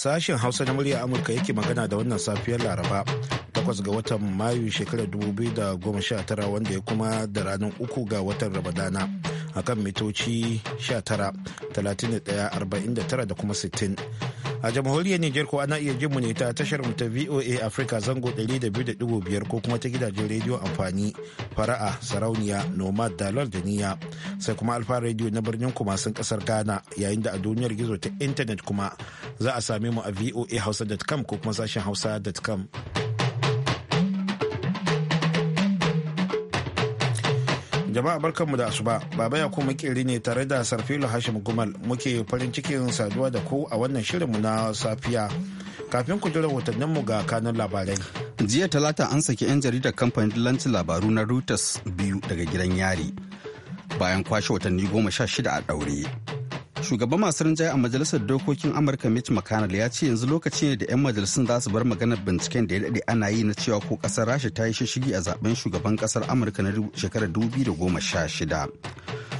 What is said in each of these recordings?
Sashen Hausa na murya Amurka yake magana da wannan safiyar Laraba takwas ga watan Mayu shekarar 2019 wanda ya kuma da ranar uku ga watan Ramadana kan mitoci 19, 31, 49 da kuma 60. a jamhuriyar Nijar ko ana iya jin mu ne ta tashar mu ta voa africa zango 200.5 ko kuma ta gidajen rediyo amfani fara'a sarauniya nomad da niyya sai kuma alfa radio na birnin sun kasar ghana yayin da a duniyar gizo ta intanet kuma za a same mu a voa hausa.com ko kuma sashen hausa.com Jama'a barkanmu da asuba, Baba ya kuma kiri ne tare da Sarfilu Hashim Gumal muke farin cikin saduwa da ku a wannan shirinmu na safiya. Kafin ku ji mu ga kanun labarai. Jiya talata an saki 'yan jaridar kamfanin lanci labaru na Reuters biyu daga gidan yari. Bayan kwashe watanni goma sha shida a daure. shugaban masu rinjaye a majalisar dokokin amurka mitch mcconnell ya ce yanzu lokaci ne da 'yan majalisun za su bar magana binciken da ya daɗe ana yi na cewa ko kasar rasha ta yi shishigi a zaben shugaban kasar amurka na shekarar 2016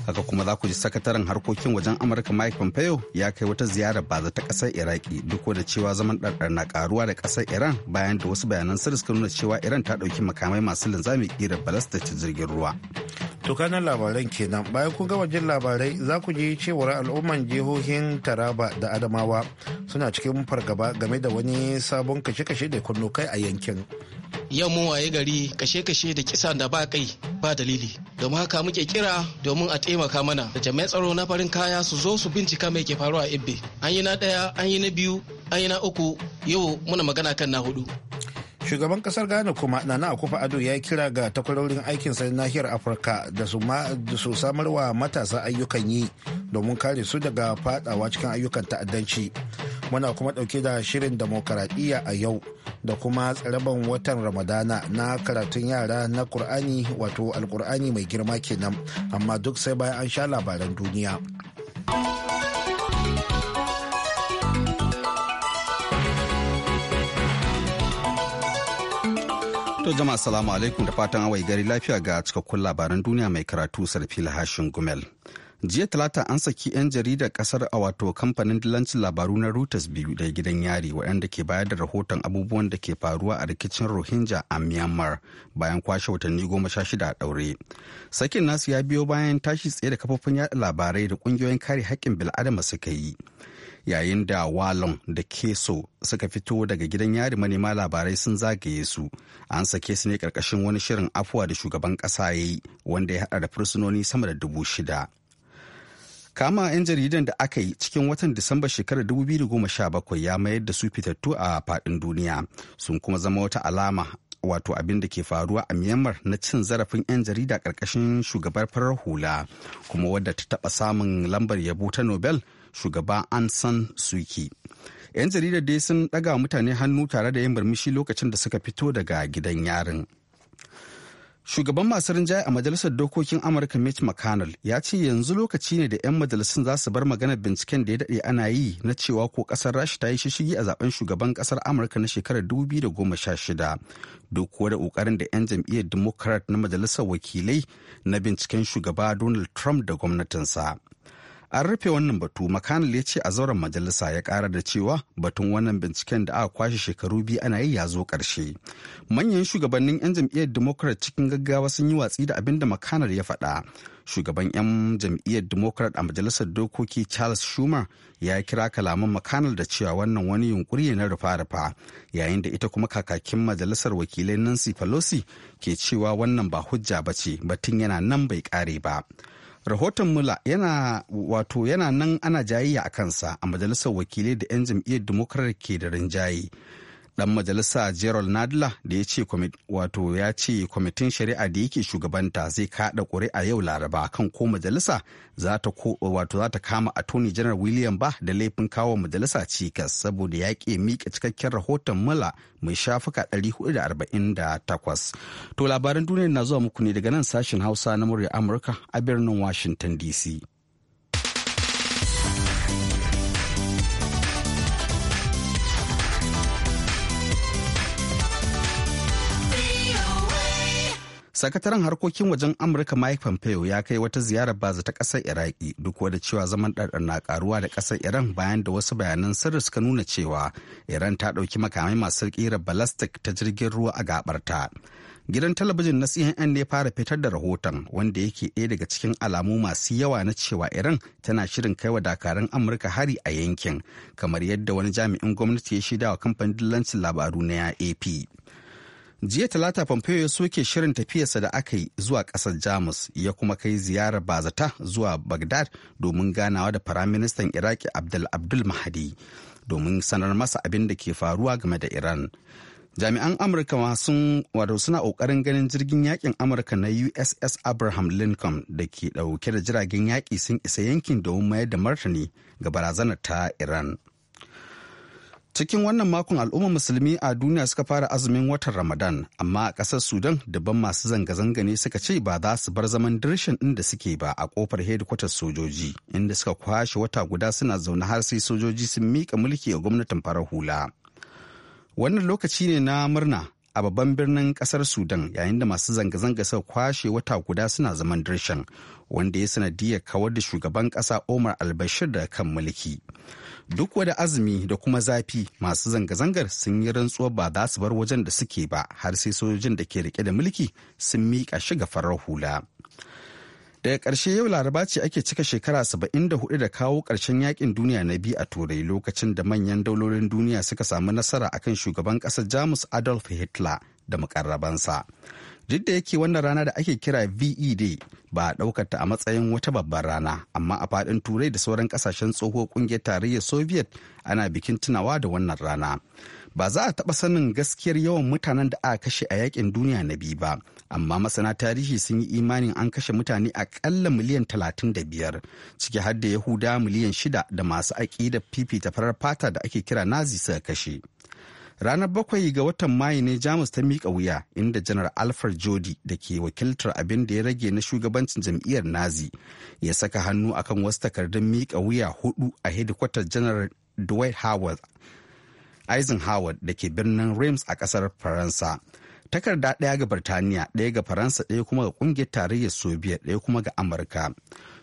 haka kuma za ku ji sakataren harkokin wajen amurka mike pompeo ya kai wata ziyara ba za ta ƙasar iraki duk da cewa zaman ɗarɗar na ƙaruwa da kasar iran bayan da wasu bayanan sirri suka nuna cewa iran ta ɗauki makamai masu linzami ƙirar balasta ta jirgin ruwa To labaran kenan bayan kun gama jin labarai za ku ji cewar al'umman jihohin Taraba da Adamawa suna cikin fargaba game da wani sabon kashe-kashe da kunno kai a yankin. Yau mun waye gari kashe-kashe da kisa da ba kai ba dalili. Domin haka muke kira domin a taimaka mana da jami'an tsaro na farin kaya su zo su bincika mai ke faruwa a Ibbe. An yi na ɗaya, an yi na biyu, an yi na uku, yau muna magana kan na hudu. shugaban kasar ghana kuma na akufa ado ya kira ga takwarorin aikin sa nahiyar afirka da su samar wa matasa ayyukan yi domin kare su daga fadawa cikin ayyukan ta'addanci muna kuma dauke da shirin demokaradiyya a yau da kuma tsaraban watan ramadana na karatun yara na kur'ani wato alkur'ani mai girma kenan amma duk sai bayan an sha labaran duniya. To jama'a assalamu alaikum da fatan awai gari lafiya ga cikakkun labaran duniya mai karatu sarfi hashin gumel. Jiya talata an saki 'yan jaridar kasar a wato kamfanin dilancin labaru na Reuters biyu da gidan yari waɗanda ke bayar da rahoton abubuwan da ke faruwa a rikicin Rohingya a Myanmar bayan kwashe watanni goma sha shida a ɗaure. Sakin nasu ya biyo bayan tashi tsaye da kafofin yaɗa labarai da ƙungiyoyin kare haƙƙin bil'adama suka yi. yayin da walon da keso suka fito daga gidan yari manema labarai sun zagaye su an sake su ne karkashin wani shirin afuwa da shugaban kasa ya yi wanda ya hada da fursunoni sama da dubu shida kama 'yan jaridan da aka yi cikin watan disamba shekarar 2017 ya mayar da su fitattu a faɗin duniya sun kuma zama wata alama wato abin da ke faruwa a Myanmar na cin zarafin 'yan jarida karkashin shugabar farar hula kuma wadda ta taba samun lambar yabo ta Nobel shugaba an san suki yan jaridar dai sun ɗaga mutane hannu tare da yin barmishi lokacin da suka fito daga gidan yarin shugaban masu rinjaye a majalisar dokokin amurka mitch mcconnell ya ce yanzu lokaci ne da 'yan majalisun za su bar maganar binciken da ya daɗe ana yi na cewa ko ƙasar rasha ta yi shishigi a zaben shugaban ƙasar amurka na shekarar 2016 duk kuwa da ƙoƙarin da 'yan jam'iyyar democrat na majalisar wakilai na binciken shugaba donald trump da gwamnatinsa an rufe wannan batu Makanal ya ce a zauren majalisa ya kara da cewa batun wannan binciken da aka kwashe shekaru biyu ana yi ya zo karshe manyan shugabannin 'yan jam'iyyar democrat cikin gaggawa sun yi watsi da abin da mcconnell ya faɗa shugaban 'yan jam'iyyar democrat a majalisar dokoki charles schumer ya kira kalaman Makanal da cewa wannan wani yunkuri ne na rufa-rufa yayin da ita kuma kakakin majalisar wakilai nancy pelosi ke cewa wannan ba hujja ba ce batun yana nan bai kare ba rahoton mula yana wato yana nan ana jayayya a kansa a majalisar wakilai da 'yan jam'iyyar democrat ke da rinjaye dan majalisa gerald nadla da ya ce wato ya ce kwamitin shari'a da yake shugabanta zai kada ƙuri'a yau laraba kan ko majalisa za ta wato za ta kama attorney general william ba da laifin kawo majalisa cikas saboda ya ke miƙa cikakken rahoton mula mai shafuka 448 to labaran duniya na zuwa muku ne daga nan sashen hausa na murya amurka a birnin washington dc sakataren harkokin wajen amurka mike pompeo ya kai wata ziyarar baza ta kasar iraki duk da cewa zaman ɗarɗar na karuwa da kasar iran bayan da wasu bayanan sirri suka nuna cewa iran ta ɗauki makamai masu ƙira balastik ta jirgin ruwa a gabarta gidan talabijin na cnn ne fara fitar da rahoton wanda yake ɗaya daga cikin alamu masu yawa na cewa iran tana shirin kai wa dakarun amurka hari a yankin kamar yadda wani jami'in gwamnati ya shaidawa kamfanin dillancin labaru na ap jiya talata pompeo ya soke shirin tafiyarsa da aka yi zuwa ƙasar jamus ya kuma kai ziyarar bazata zuwa bagdad domin ganawa da firaministan iraki abdul abdul mahadi domin sanar masa abin da ke faruwa game da iran jami'an amurka sun wato suna ƙoƙarin ganin jirgin yakin amurka na uss abraham lincoln da ke ɗauke da jiragen yaƙi sun isa yankin domin mayar da martani ga barazanar ta iran cikin wannan makon al'ummar musulmi a duniya suka fara azumin watan ramadan amma a ƙasar sudan dabban masu zanga-zanga ne suka ce ba za su bar zaman dirshin inda suke ba a kofar hedikwatar sojoji inda suka kwashe wata guda suna zaune har sai sojoji sun miƙa mulki a gwamnatin farar hula wannan lokaci ne na murna a babban birnin ƙasar sudan yayin da masu zanga-zanga suka kwashe wata guda suna zaman dirshin wanda ya sanadiyar kawar da shugaban ƙasa, omar albashir da kan mulki duk wada azumi da kuma zafi masu zanga-zangar sun yi rantsuwar ba za su bar wajen da suke ba har sai sojojin da ke rike da mulki sun miƙa shi ga farar hula daga ƙarshe yau laraba ce ake cika shekara saba'in da hudu da kawo ƙarshen yakin duniya na biyu a turai lokacin da manyan daulolin duniya suka samu nasara akan shugaban ƙasar jamus adolf hitler da mukarrabansa. duk da yake wannan rana da ake kira ve day ba a ɗaukar ta a matsayin wata babbar rana amma a faɗin turai da sauran ƙasashen tsohuwar ƙungiyar tarayyar soviet ana bikin tunawa da wannan rana ba za a taɓa sanin gaskiyar yawan mutanen da aka kashe a yakin duniya na biyu ba amma masana tarihi sun yi imanin an kashe mutane aƙalla miliyan talatin da biyar ciki har da yahuda miliyan shida da masu aƙidar fifita farar fata da ake kira nazi suka kashe ranar bakwai ga watan mayu ne jamus ta miƙa wuya inda janar alfred jodi da ke wakiltar abin da ya rage na shugabancin jam'iyyar nazi ya saka hannu akan wasu takardun miƙa wuya hudu a hedikwatar janar dwight howard eisenhower da ke birnin reims a ƙasar faransa takarda ɗaya ga Birtaniya, ɗaya ga Faransa, ɗaya kuma ga ƙungiyar tarayyar Soviet, ɗaya kuma ga Amurka.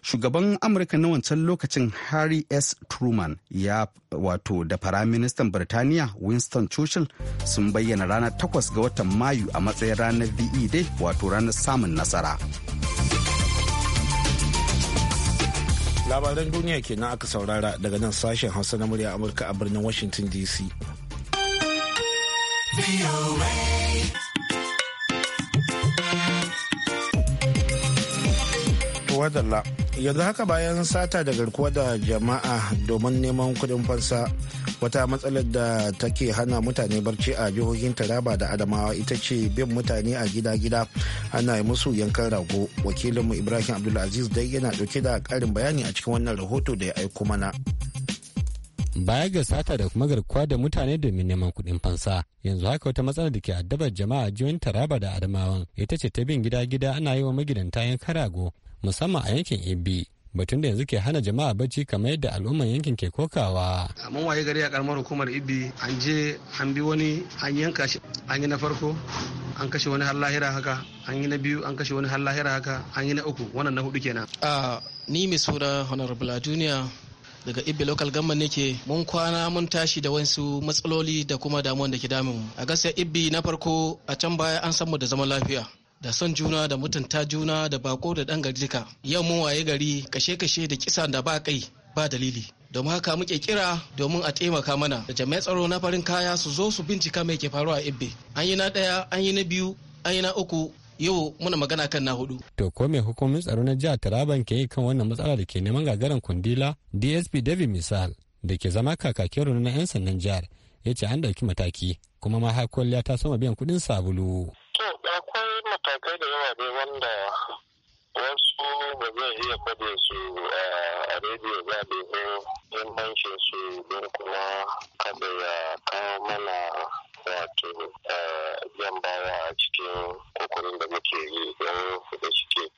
Shugaban Amurka na wancan lokacin Harry S. Truman ya wato da faraministan Birtaniya Winston Churchill sun bayyana ranar takwas ga watan Mayu a matsayin ranar VE Day wato ranar samun nasara. Labaran duniya kenan aka saurara daga nan sashen Hausa na murya Amurka a birnin Washington DC. Wadalla yanzu haka bayan sata da garkuwa da jama'a domin neman kudin fansa wata matsalar da take hana mutane barci a jihohin taraba da adamawa ita ce bin mutane a gida-gida ana yi musu yankan rago wakilinmu ibrahim abdulaziz dai yana dauke da karin bayani a cikin wannan rahoto da ya aiko mana. baya ga sata da kuma garkuwa da mutane domin neman kuɗin fansa yanzu haka wata matsalar da ke addabar jama'a jiyoyin taraba da adamawan ita ce ta bin gida gida ana yi wa magidanta yan rago musamman a yankin ibbi batun da yanzu ke hana jama'a bacci kamar yadda al'ummar yankin ke kokawa. mun waye gari a karamar hukumar ibi an je an bi wani an yanka shi an yi na farko an kashe wani har lahira haka an yi na biyu an kashe wani har lahira haka an yi na uku wannan na hudu kenan. Ah, ni mai suna honorable duniya daga Ibbi local government ke mun kwana mun tashi da wasu matsaloli da kuma damuwan da ke damun a gaskiya Ibbi na farko a can baya an san mu da zaman lafiya da son juna da mutunta juna da bako da dan garjika. yau mun waye gari kashe-kashe da kisa da ba kai ba dalili domin haka muke kira domin a taimaka mana da jami'an tsaro na farin kaya su zo su bincika mai ke faruwa a ibbe an yi na ɗaya an yi na biyu an yi na uku yau muna magana kan na hudu. To ko me hukumin tsaro na jihar Taraban ke yi kan wannan matsala da ke neman gagaran kundila DSP David Misal da ke zama kakakin na 'yan sandan jihar ya ce an dauki mataki kuma ma har ta soma biyan kuɗin sabulu. To akwai matakai da yawa ne wanda wasu ba zai iya faɗe su eh, a rediyo ba domin muhimmancin su don kuma kada ya kawo mana wato eh, jan bawa a cikin muke yi don da suke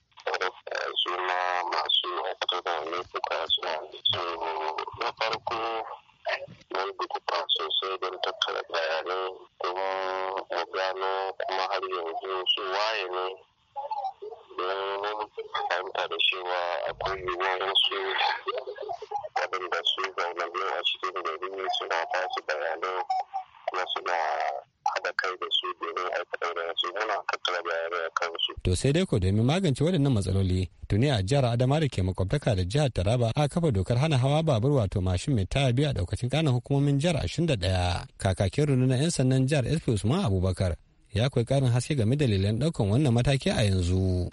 to sai dai ko domin magance waɗannan matsaloli tuni a jihar adama da ke makwabtaka da jihar taraba a kafa dokar hana hawa babur wato mashin mai taya biyu a ɗaukacin kanan hukumomin jihar da ɗaya kakakin na 'yan sannan jihar sp usman abubakar ya kai karin haske game dalilan ɗaukan wannan mataki a yanzu.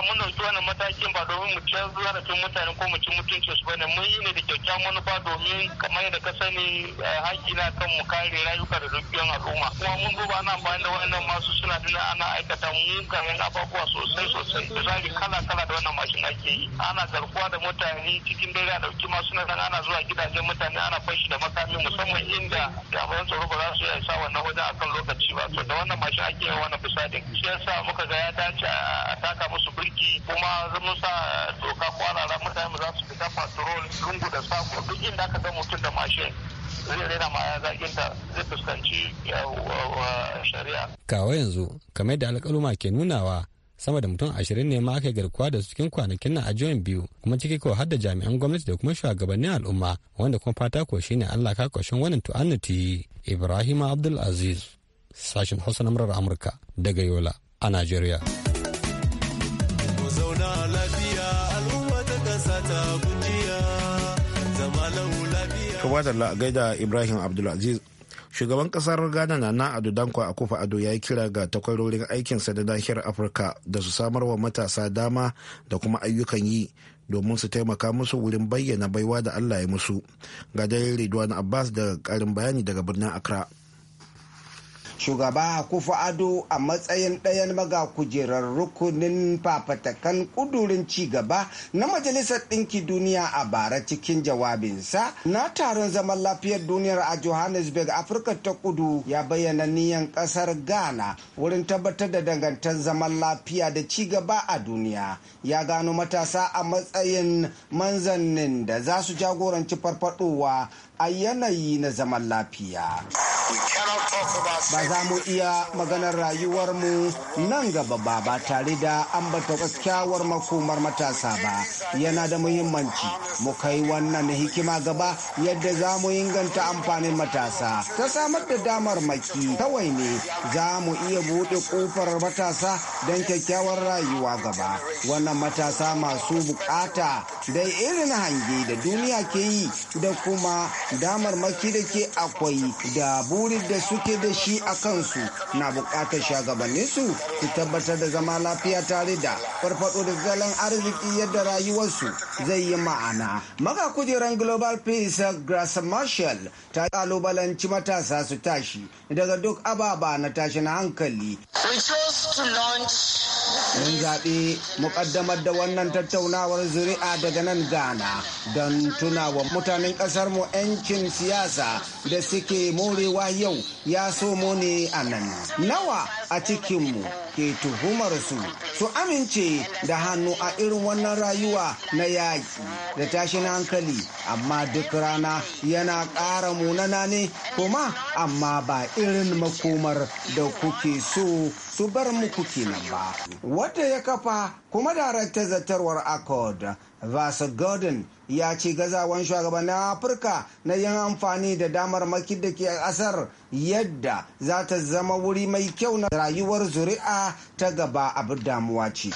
matakin ba domin mu da zarafin mutane ko mu ci mutunci su bane mun yi ne da kyakkyawan manufa domin kamar yadda ka sani eh, haƙƙi na kan mu kare rayuka da dukiyan al'umma kuma mun duba ana amfani da wannan masu suna dina ana aikata mugayen ababuwa sosai sosai misali kala kala da wannan mashin ake yi ana garkuwa da mutane cikin dare a ɗauki masu na ana zuwa gidajen mutane ana fashi da makami musamman inda jami'an tsaro ba za su iya sa wannan wajen akan lokaci ba to da wannan mashin ake yi wannan bisadin shi yasa muka ga ya dace a taka musu birki kuma yanzu mun sa doka kwarara mutane za su fita patrol lungu da sako duk inda aka ga mutum da mashin zai rena ma ya ta zai fuskanci shari'a. Kawo yanzu kamar da alƙaluma ke nunawa sama da mutum ashirin ne ma aka garkuwa da su cikin kwanakin nan a biyu kuma ciki ko har jami'an gwamnati da kuma shugabannin al'umma wanda kuma fata ko ne Allah ka wannan tu'annati Ibrahim abdulaziz Aziz sashin Hausa na murar Amurka daga Yola a Najeriya. lafiya ibrahim abdulaziz shugaban kasar ghana na na ado danko ado ya yi kira ga takwarorin aikinsa da nahiyar afirka da su samar wa matasa dama da kuma ayyukan yi domin su taimaka musu wurin bayyana baiwa da allah ya musu ga dai ridwan abbas da karin bayani daga birnin accra shugaba kufa ado a matsayin ɗayan maga kujerar rukunin fafatakan kudurin cigaba na majalisar ɗinki duniya a bara cikin jawabinsa na taron zaman lafiyar duniyar a johannesburg afirka ta kudu ya bayyana niyan ƙasar ghana wurin tabbatar da dangantar zaman lafiya da cigaba a duniya ya gano matasa a matsayin manzannin da za su jagoranci farfaɗowa a yanayi na zaman lafiya. ba za mu iya maganar rayuwarmu nan gaba ba ba tare da ambata kyakkyawar makomar matasa ba yana da muhimmanci mu kai wannan hikima gaba yadda za mu inganta amfanin matasa ta samar da damar maki kawai ne za mu iya buɗe ƙofar matasa don kyakkyawar rayuwa gaba wannan matasa masu bukata da irin hange da duniya ke yi da kuma damar maki da ke akwai da burin da suke suke da shi a kansu na bukatar shagabanni su su tabbatar da zama lafiya tare da farfado da zalan arziki yadda rayuwarsu zai yi ma'ana maka kujeran global peace grass marshal ta kalubalanci matasa su tashi daga duk ababa na tashin hankali we chose to launch mun zaɓi mu da wannan tattaunawar zuri'a daga nan ghana don tunawa mutanen ƙasar mu 'yancin siyasa da suke morewa yau ya so mu ne a nan nawa a cikinmu ke tuhumar su su amince da hannu a irin wannan rayuwa na yaƙi da tashin hankali amma duk rana yana ƙara munana ne kuma amma ba irin makomar da kuke so su bar muku kenan ba. Wadda ya kafa kuma darakta zartarwar Accord Vasa Gordon ya ce gazawan shugabannin Afirka na yin amfani da damar maki da ke asar yadda za ta zama wuri mai kyau na rayuwar zuri'a ta gaba abin damuwa ce.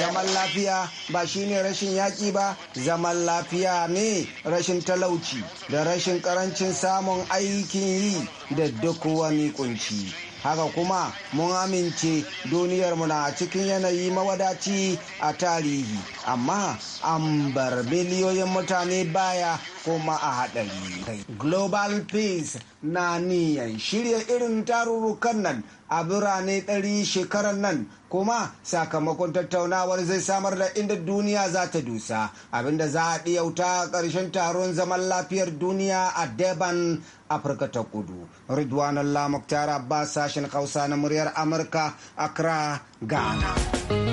Zaman lafiya ba shine rashin yaƙi ba, zaman lafiya ne rashin talauci da rashin ƙarancin samun aikin yi da duk wani kunci. haka kuma mun amince duniyarmu na cikin yanayi mawadaci a tarihi amma an bar miliyoyin mutane baya kuma a haɗari. Global Peace na niyan shirya irin tarurrukan nan a birane ɗari shekarar nan kuma sakamakon tattaunawar zai samar da inda duniya za ta dusa abinda za a ɗiyauta ƙarshen taron zaman lafiyar duniya a Deban, Afirka ta kudu. Ridwanan Allah tara ba sashen Hausa na muryar Amurka, Accra, Ghana.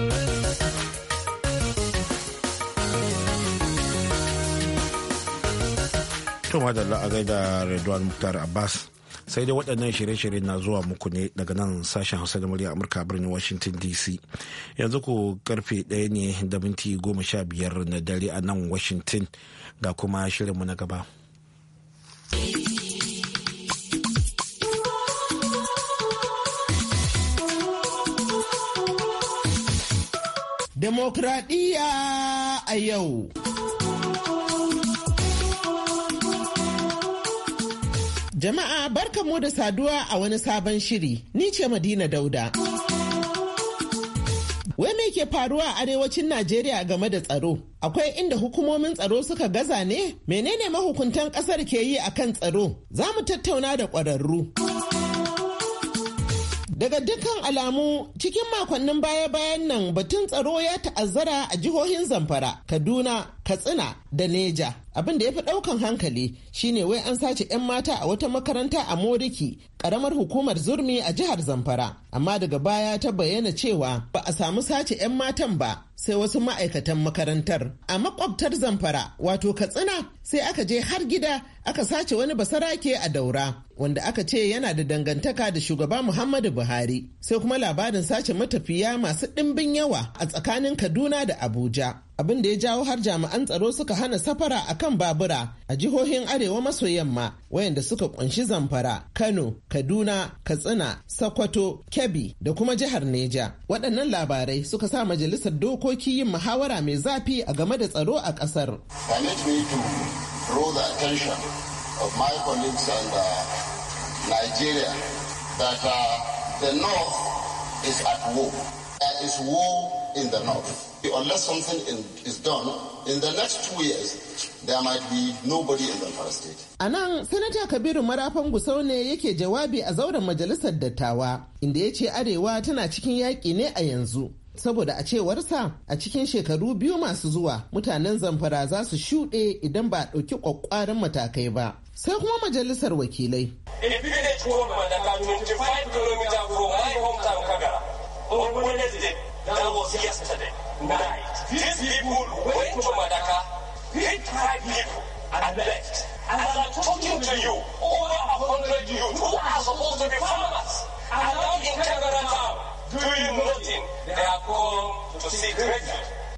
wadda da la'agai da Redwan muktar Abbas. Sai dai waɗannan shirye-shirye na zuwa muku ne daga nan sashen Hausa da murya Amurka birnin Washington DC. Yanzu ku karfe ɗaya ne da minti goma sha biyar na dare a nan Washington ga kuma shirinmu na gaba. Demokradiyya a yau. Jama'a mu da saduwa a wani sabon shiri. Ni ce Madina Dauda. Wai me ke faruwa a arewacin Najeriya game da tsaro? Akwai inda hukumomin tsaro suka gaza ne? Menene mahukuntan kasar ke yi akan tsaro? Za mu tattauna da ƙwararru. Daga dukkan alamu cikin makonnin baya-bayan nan batun tsaro ya ta'azzara a jihohin Zamfara, Kaduna, Katsina da Neja. Abin da ya fi ɗaukan hankali shine wai an sace 'yan mata a wata makaranta a Moriki, ƙaramar hukumar Zurmi a jihar Zamfara. Amma daga baya ta bayyana cewa ba a samu sace 'yan matan ba sai wasu ma'aikatan makarantar. A makwabtar Zamfara, wato Katsina sai aka je har gida aka sace wani basarake a daura wanda aka ce yana da dangantaka da shugaba Muhammadu Buhari sai kuma labarin sace matafiya masu ɗimbin yawa a tsakanin Kaduna da Abuja abin da ya jawo har jami'an tsaro suka hana safara a kan babura a jihohin arewa maso yamma wayanda suka kunshi zamfara kano kaduna katsina sokoto kebbi da kuma jihar neja waɗannan labarai suka sa majalisar dokoki yin muhawara mai zafi a game da tsaro a ƙasar draw the attention of my colleagues and uh, Nigeria that uh, the North is at war. There is war in the North. Unless something in, is done in the next two years, there might be nobody in the Zamfara state. A nan, Sanata Kabiru Marafan Gusau ne yake jawabi a zauren majalisar dattawa, inda ya ce Arewa tana cikin yaƙi ne a yanzu. saboda a cewarsa a cikin shekaru biyu masu zuwa mutanen zamfara za su shuɗe idan ba a ɗauki ƙwaƙƙwaran matakai ba sai kuma majalisar wakilai and I'm talking to you, over a hundred youth who are supposed to be farmers are now in Canada town.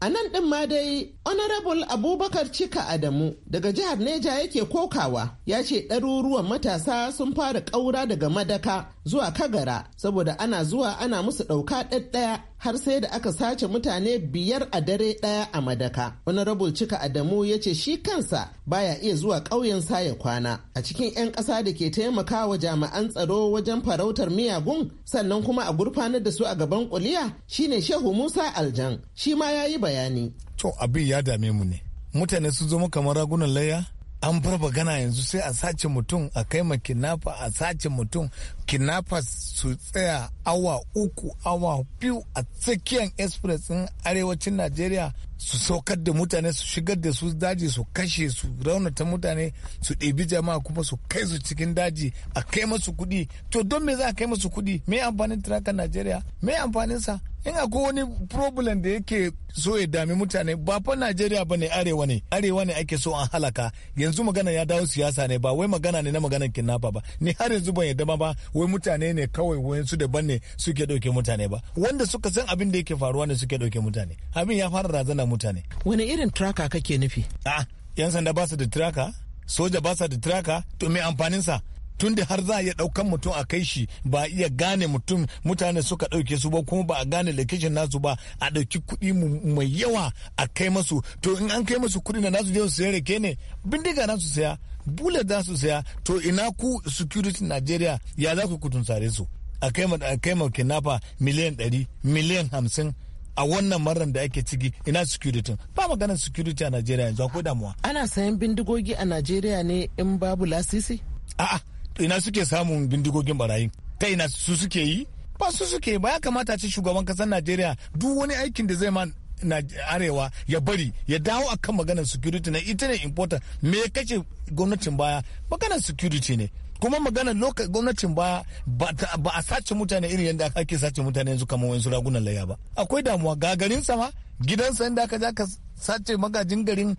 A nan ɗin ma dai Honorable Abubakar Cika Adamu daga jihar Neja yake kokawa ya ce ɗaruruwan matasa sun fara ƙaura daga madaka zuwa Kagara saboda ana zuwa ana musu ɗauka ɗaya har sai da aka sace mutane biyar a dare ɗaya a Madaka. wani rabul Cika Adamu ya ce shi kansa baya iya zuwa ƙauyen sa ya kwana. A cikin 'yan ƙasa da ke taimakawa jami'an tsaro wajen farautar miyagun sannan kuma a gurfanar da su a gaban kuliya shine Shehu Musa Aljan. Shi ma ya yi bayani. To abin ya dame mu ne. Mutane su zo mu kamar ragunan layya an bar bagana yanzu sai a sace mutum a kai ma kinafa a sace mutum kinafa su tsaya awa uku awa biyu a tsakiyar express in arewacin najeriya su saukar da mutane su shigar da su daji su kashe su raunata mutane su ɗebi jama'a kuma su kai su cikin daji a kai masu kuɗi to don me za a kai masu kuɗi me amfanin tirakan najeriya me amfaninsa in akwai wani problem da yake so ya dami mutane ba fa Najeriya ba ne arewa ne arewa ne ake so an halaka yanzu magana ya dawo siyasa ne ba wai magana ne na maganar kinnafa ba ni har yanzu ban yadda ba wai mutane ne kawai su daban ne suke dauke mutane ba wanda suka san abin da yake faruwa ne suke dauke mutane abin ya fara razana mutane wani irin traka kake nufi a'a ah, yan sanda ba su da traka soja ba sa da tracker to me amfanin sa tunda har za a iya ɗaukan mutum a kai shi ba a iya gane mutum mutane suka ɗauke su ba kuma ba a gane location nasu ba a ɗauki kuɗi mai yawa a kai masu to in an kai masu kuɗi na nasu je su sayar rake ne bindiga nasu saya bula za su saya to ina ku security Najeriya ya za ku kutun sare su a kai ma kinafa miliyan 100 miliyan 50 a wannan marar da ake ciki ina security ba maganar security a Najeriya yanzu akwai damuwa ana sayan bindigogi a Najeriya ne in babu lasisi a'a ina suke samun bindigogin barayin ta ina su suke yi ba su suke ba ya kamata ce shugaban kasar najeriya duk wani aikin da zai ma na arewa ya bari ya dawo akan maganar security na ita ne important me kace gwamnatin baya maganar security ne kuma maganar gwamnatin baya ba a sace mutane irin yadda ake sace mutane yanzu kamar wani ragunan laya ba akwai damuwa gagarin sama gidansa inda aka ja ka sace magajin garin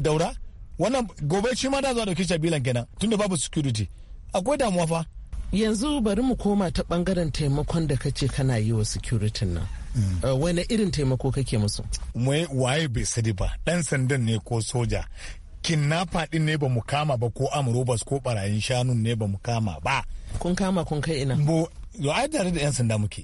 daura wannan gobe shi ma da zuwa dauki shabilan kenan tunda babu security akwai damuwa fa yanzu bari mu koma ta bangaren taimakon da kace kana yi wa security nan mm. eh, wani irin taimako kake musu waye bai sadi ba dan sandan ne ko soja kinnafa din ne ba mu kama ba ko amurobas ko barayin shanun ne ba mu kama ba kun kama kun kai ina bo ai tare da yan sanda muke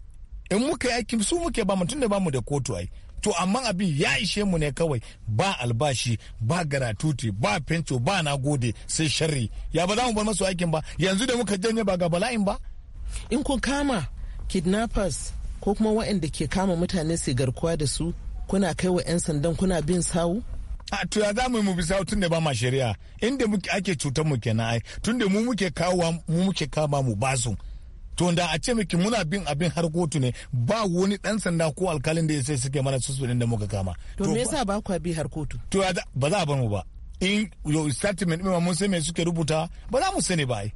in muka yi aiki su muke ba mutum da ba mu da kotu ai to amma abin ya ishe mu ne kawai ba albashi ba garatuti ba fento ba na gode sai sharri ya ba za mu bar masu aikin ba yanzu da muka janye ba ga bala'in ba in kun kama kidnappers ko kuma waɗanda ke kama mutane sai garkuwa da su kuna kai wa 'yan sandan kuna bin sawu a to ya za mu mu bisa tun da ba ma shari'a inda ake cutar mu kenan ai tun da mu muke kawo mu muke kama mu basu to da a ce miki muna bin abin har kotu ne ba wani dan sanda ko alkalin da ya sai suke mana suspendin da muka kama to me yasa ba ku bi har kotu to ba za a bar mu ba in yo statement ɗin mun sai me suke rubuta ba za mu sani ba ai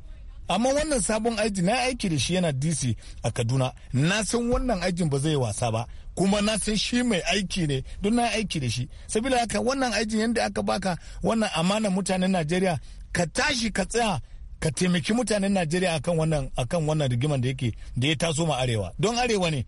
amma wannan sabon aiki na aiki da shi yana dc a kaduna na san wannan aikin ba zai wasa ba kuma na san shi mai aiki ne don na aiki da shi saboda haka wannan aikin yadda aka baka wannan amana mutanen najeriya ka tashi ka tsaya ka taimaki mutanen najeriya akan wannan akan wannan rigiman da yake da ya taso ma arewa don arewa ne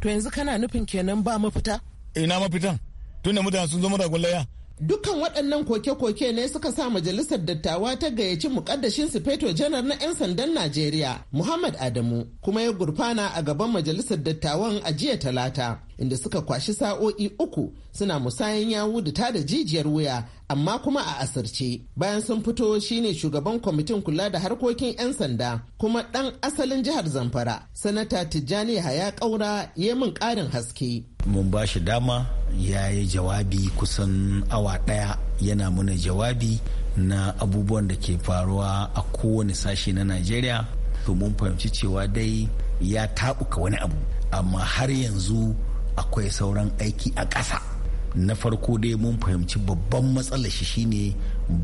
to yanzu kana nufin kenan ba mafita ina mafitan tunda mutane sun zo mura gullaya Dukkan waɗannan koke-koke ne suka sa majalisar dattawa ta gayyaci mukaddashin sufeto janar na 'yan sandan Najeriya, Muhammad Adamu, kuma ya gurfana a gaban majalisar dattawan a jiya talata, inda suka kwashi sa'o'i uku suna musayan yawu da tada jijiyar wuya, amma kuma a asirce. Bayan sun fito shine shugaban kwamitin kula da harkokin 'yan sanda, kuma ɗan asalin jihar Zamfara, Sanata Tijjani Haya ƙaura ya min ƙarin haske. Mun ba shi dama ya yi jawabi kusan awa ɗaya yana mana jawabi na abubuwan da ke faruwa a kowane sashe na najeriya to mun fahimci cewa dai ya taɓuka wani abu amma har yanzu akwai sauran aiki a ƙasa na farko dai mun fahimci babban matsalar shi shine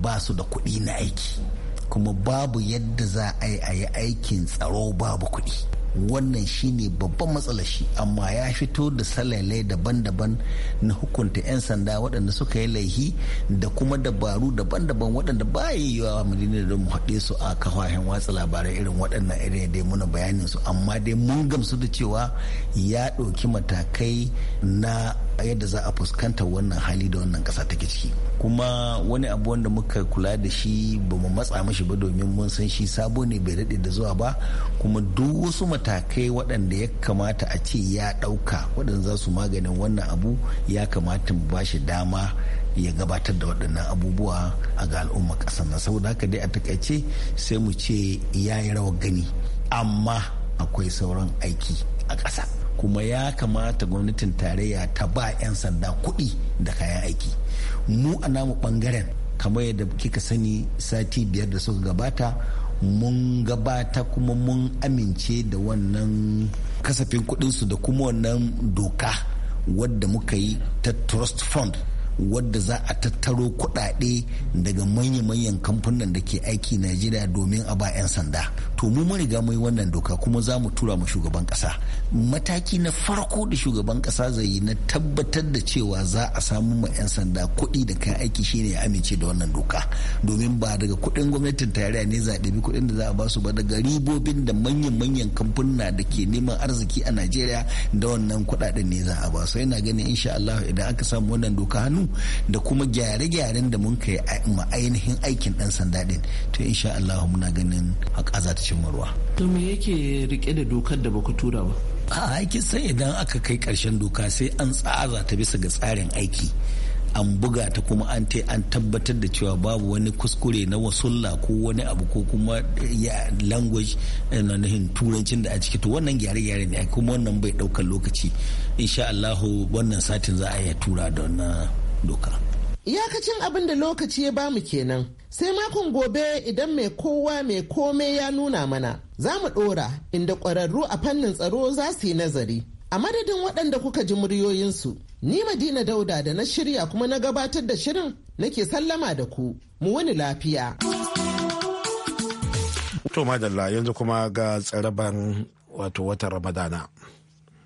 ba su da kuɗi na aiki kuma babu yadda za a yi a yi aikin tsaro babu kuɗi wannan shine babban matsalar shi amma ya fito da salalai daban-daban na hukunta 'yan sanda waɗanda suka yi laihi da kuma dabaru daban-daban waɗanda ba yi wa madina da mu haɗe su a kafafen watsa labarai irin waɗannan irin dai muna bayanin su amma dai mun gamsu da cewa ya ɗauki matakai na yadda za a fuskanta wannan hali da wannan ƙasa take ciki kuma wani abu wanda muka kula da shi ba mu matsa mashi ba domin mun san shi sabo ne bai daɗe da zuwa ba kuma duk wasu matakai waɗanda ya kamata a ce ya ɗauka waɗanda za su maganin wannan abu ya kamata mu shi dama ya gabatar da waɗannan abubuwa a ga al'umma ƙasar nan saboda haka dai a takaice sai mu ce ya yi rawar gani amma akwai sauran aiki a ƙasa kuma ya kamata gwamnatin tarayya ta ba 'yan sanda kuɗi da kayan aiki mu a namu ɓangaren kamar yadda kika sani sati biyar da suka gabata mun gabata kuma mun amince da wannan kasafin kudinsu da kuma wannan doka wadda muka yi ta trust fund wadda za a tattaro kuɗaɗe daga manya-manyan kamfanin da ke aiki najeriya domin a ba 'yan sanda to mu mun riga mai wannan doka kuma za mu tura mu shugaban kasa mataki na farko da shugaban ƙasa zai yi na tabbatar da cewa za a samu ma 'yan sanda kuɗi da kayan aiki shine ya amince da wannan doka domin ba daga kuɗin gwamnatin tarayya ne za a ɗabi kuɗin da za a ba su ba daga ribobin da manya manyan kamfanin da ke neman arziki a najeriya da wannan kuɗaɗen ne za a ba su yana ganin insha Allah idan aka samu wannan doka hannu hannu da kuma gyare-gyaren da mun kai ma ainihin aikin dan sanda din to insha Allah muna ganin haƙa za ta cimma ruwa to me yake rike da dokar da baku tura ba a aiki sai idan aka kai karshen doka sai an tsara ta bisa ga tsarin aiki an buga ta kuma an te an tabbatar da cewa babu wani kuskure na wasulla ko wani abu ko kuma eh, language eh, na nahin turancin da a ciki to wannan gyare-gyare ne kuma wannan bai ɗaukar lokaci insha Allah wannan satin za a iya tura da wannan eh, doka iyakacin abin da lokaci ya bamu kenan sai makon gobe idan mai kowa mai komai ya nuna mana za mu ɗora inda ƙwararru a fannin tsaro za su yi nazari a madadin waɗanda kuka ji muryoyinsu ni madina dauda da na shirya kuma na gabatar da shirin nake sallama da ku mu wani lafiya to madalla yanzu kuma ga tsaraban wato watan ramadana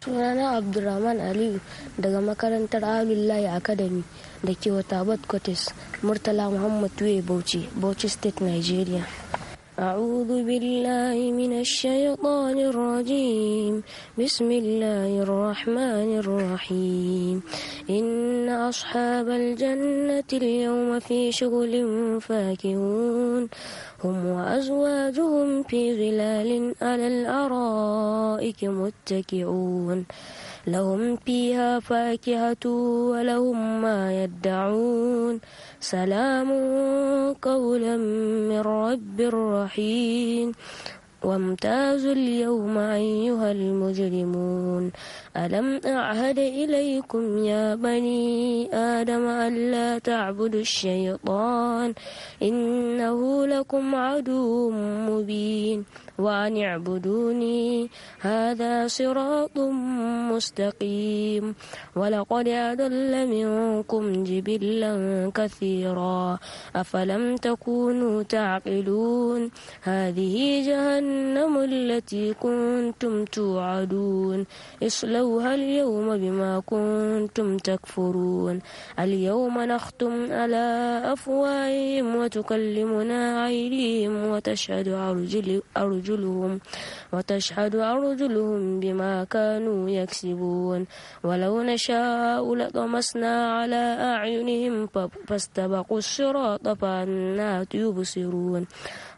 sunana abdulrahman aliyu daga makarantar alullahi academy da ke تابت کوتس مرتلا محمد Tuye بوچی بوچی State, نایجیریا أعوذ بالله من الشيطان الرجيم بسم الله الرحمن الرحيم إن أصحاب الجنة اليوم في شغل فاكهون هم وأزواجهم في ظلال على الأرائك متكئون لهم فيها فاكهة ولهم ما يدعون سلام قولا من رب رحيم وامتازوا اليوم أيها المجرمون ألم أعهد إليكم يا بني آدم ألا تعبدوا الشيطان إنه لكم عدو مبين وأن اعبدوني هذا صراط مستقيم ولقد أضل منكم جبلا كثيرا أفلم تكونوا تعقلون هذه جهنم التي كنتم توعدون اصلوها اليوم بما كنتم تكفرون اليوم نختم على أفواههم وتكلمنا أيديهم وتشهد أرجلهم أرجلهم وتشهد أرجلهم بما كانوا يكسبون ولو نشاء لطمسنا على أعينهم فاستبقوا الصراط فأنا يبصرون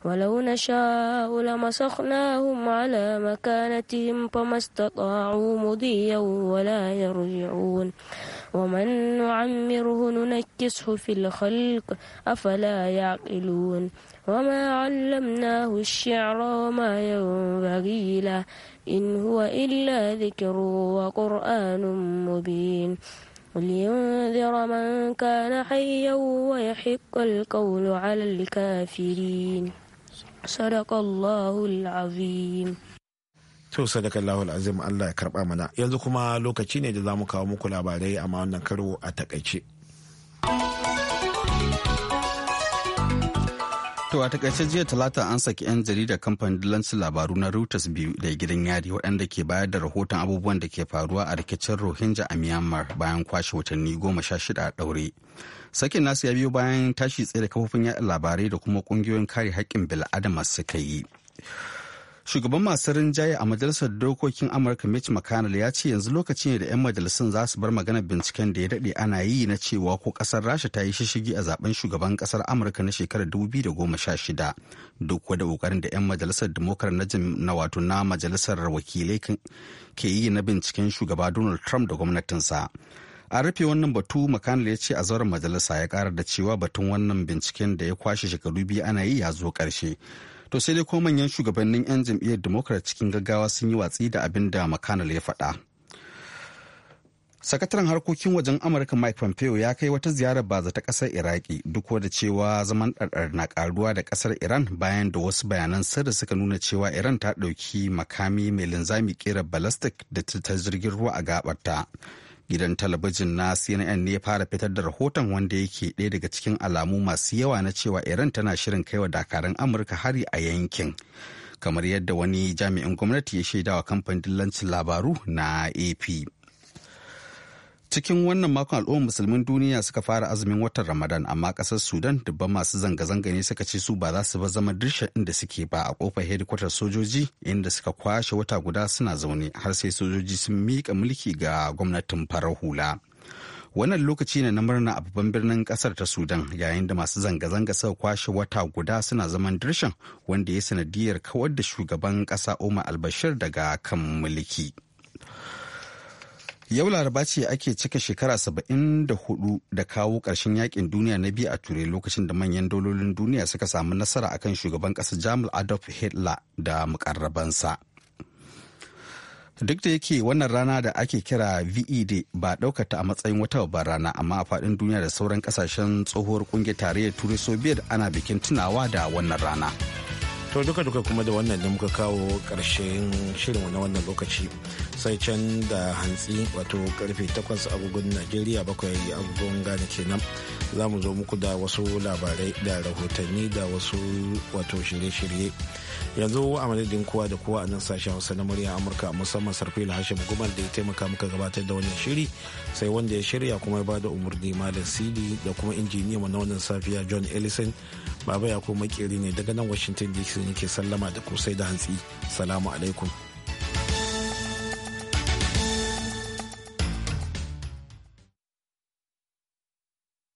ولو نشاء لمسخناهم على مكانتهم فما استطاعوا مضيا ولا يرجعون ومن نعمره ننكسه في الخلق أفلا يعقلون وما علمناه الشعر وما ينبغي له إن هو إلا ذكر وقرآن مبين ولينذر من كان حيا ويحق القول على الكافرين sadakallahul azim to sadakallahul azim Allah ya karba mana yanzu kuma lokaci ne da za mu kawo muku labarai amma wannan karo a takaice. To a takaice jiya talata an saki 'yan jarida kamfanin dillancin labaru na Reuters biyu da gidan yari waɗanda ke bayar da rahoton abubuwan da ke faruwa a rikicin Rohingya a Myanmar bayan kwashe watanni goma sha shida a ɗaure. Sakin nasu ya biyo bayan tashi tsaye da kafofin yaɗa labarai da kuma ƙungiyoyin kare haƙƙin bil'adama suka yi. shugaban masu rinjaye a majalisar dokokin amurka mitch mcconnell ya ce yanzu lokaci ne da 'yan majalisun za su bar magana binciken da ya daɗe ana yi na cewa ko ƙasar rasha ta yi shishigi a zaben shugaban ƙasar amurka na shekarar 2016 duk wadda ƙoƙarin da 'yan majalisar demokar na wato na majalisar wakilai ke yi na binciken shugaba donald trump da gwamnatinsa a rufe wannan batu mcconnell ya ce a zauren majalisa ya ƙara da cewa batun wannan binciken da ya kwashe shekaru biyu ana yi ya zo ƙarshe to sai dai ko manyan shugabannin 'yan jam'iyyar democrat cikin gaggawa sun yi watsi da abin da mcconnell ya faɗa sakataren harkokin wajen amurka mike pompeo ya kai wata ziyarar baza ta kasar iraki duk da cewa zaman ɗarɗar na ƙaruwa da ƙasar iran bayan da wasu bayanan sirri suka nuna cewa iran ta ɗauki makami mai linzami kera balastik da ta jirgin ruwa a gabarta. ta gidan talabijin na cnn ne fara fitar da rahoton wanda yake ɗaya daga cikin alamu masu yawa na cewa iran tana shirin kaiwa dakarun amurka hari a yankin kamar yadda wani jami'in gwamnati ya shaidawa kamfanin dillancin labaru na ap cikin wannan makon al'ummar musulmin duniya suka fara azumin watan ramadan amma kasar sudan dubban masu zanga-zanga ne suka ce su ba za su ba zama dirsha inda suke ba a kofar hedikwatar sojoji inda suka kwashe wata guda suna zaune har sai sojoji sun miƙa mulki ga gwamnatin farar hula wannan lokaci ne na murna a babban birnin kasar ta sudan yayin da masu zanga-zanga suka kwashe wata guda suna zaman dirshan wanda ya sanadiyar kawar da shugaban kasa omar albashir daga kan mulki. Yau laraba ce ake cika shekara saba'in da hudu da kawo ƙarshen yakin duniya na biyu a turai lokacin da manyan dololin duniya suka samu nasara akan shugaban ƙasa Jamal Adolf Hitler da mukarrabansa. Duk da yake wannan rana da ake kira VED ba ɗaukata a matsayin wata babbar rana amma a faɗin duniya da sauran ƙasashen tsohuwar ƙungiyar tarayyar Turai Soviet ana bikin tunawa da wannan rana. to duka duka kuma da wannan da muka kawo karshen shirin na wannan lokaci sai can da hantsi wato karfe 8 agogon najeriya bakwai agogon gane kenan za mu zo muku da wasu labarai da rahotanni da wasu wato shirye-shirye yanzu a madadin kowa da kowa a nan sashen hausa na murya amurka musamman sarfi hashim gumar da ya taimaka muka gabatar da wannan shiri sai wanda ya shirya kuma ya ba da umarni malam sidi da kuma injiniya na wannan safiya john ellison baba ya ko makeri ne daga nan washington dc Hashim yake sallama da kusai da hantsi. Salamu alaikum.